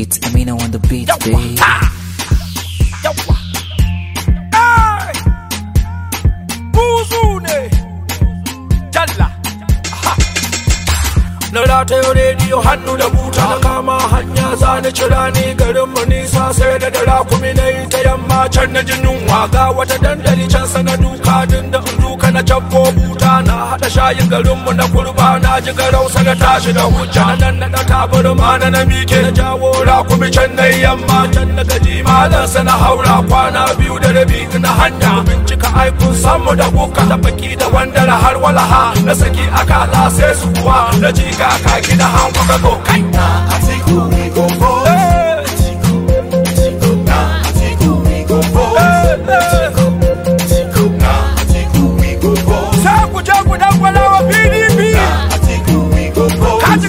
It's Amino on the beat, baby. Na ratayo rediyo hannu da buta na kama hanya za ni cira ni garin mu nisa sai da dara kuma na yi ta yamma can na jinin waga wata dandali can sana duka na cafko buta na haɗa shayin garinmu na kurba na ji garau sana tashi da hujja na nan na ma na na mike na jawo rakumi can na yamma can na gaji malan sana haura kwana biyu da rabi na hanya bincika aikun samu da kuka da baki da wandara har walaha na saki akala sai su kuwa na ji ga kaki da hankaka ko kai na asiku ne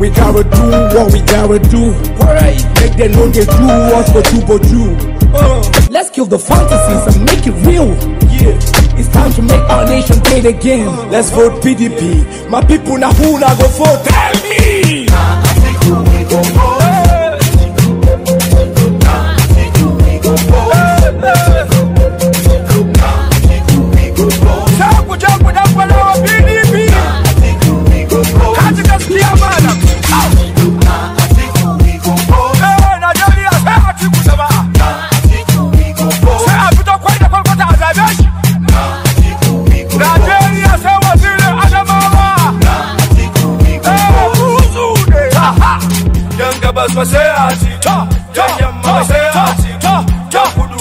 We gotta do what we gotta do. Alright, make them know they do us for two for two. Uh. Let's kill the fantasies and make it real. Yeah, it's time to make our nation great again. Uh. Let's vote PDP. My people now who now go vote? Tell me. Uh,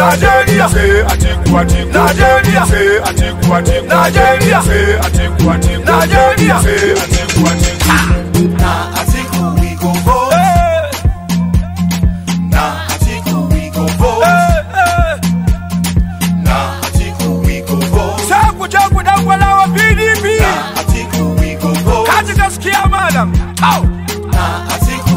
Nigeria say Atiku Atiku Nigeria say Atiku Atiku Nigeria say Atiku Atiku Nigeria say Atiku Atiku Na Atiku we go vote Na Atiku we go vote Na Atiku we go vote Chaku chaku na kwa lawa PDP Na Atiku we go vote Katika skia madam Au Na Atiku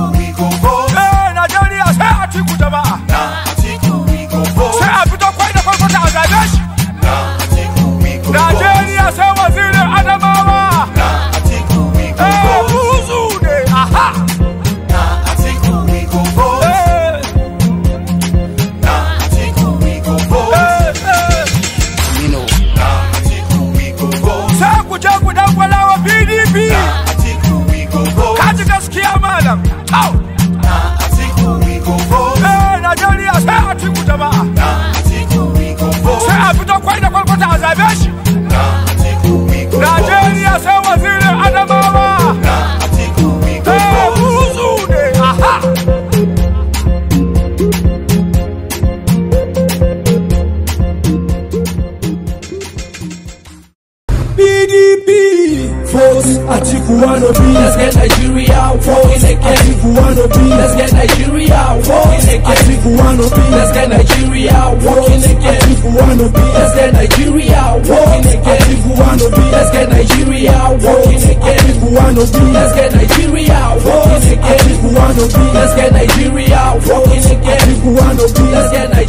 get Nigeria war in a If you wanna be, let's get Nigeria war in a If you wanna be, let's get Nigeria war in a If you wanna be, let's get Nigeria war in a If you wanna be, let's get Nigeria war in a If you wanna be, let's get Nigeria war in a If you wanna be, let's get Nigeria war in a If you wanna be, let's get Nigeria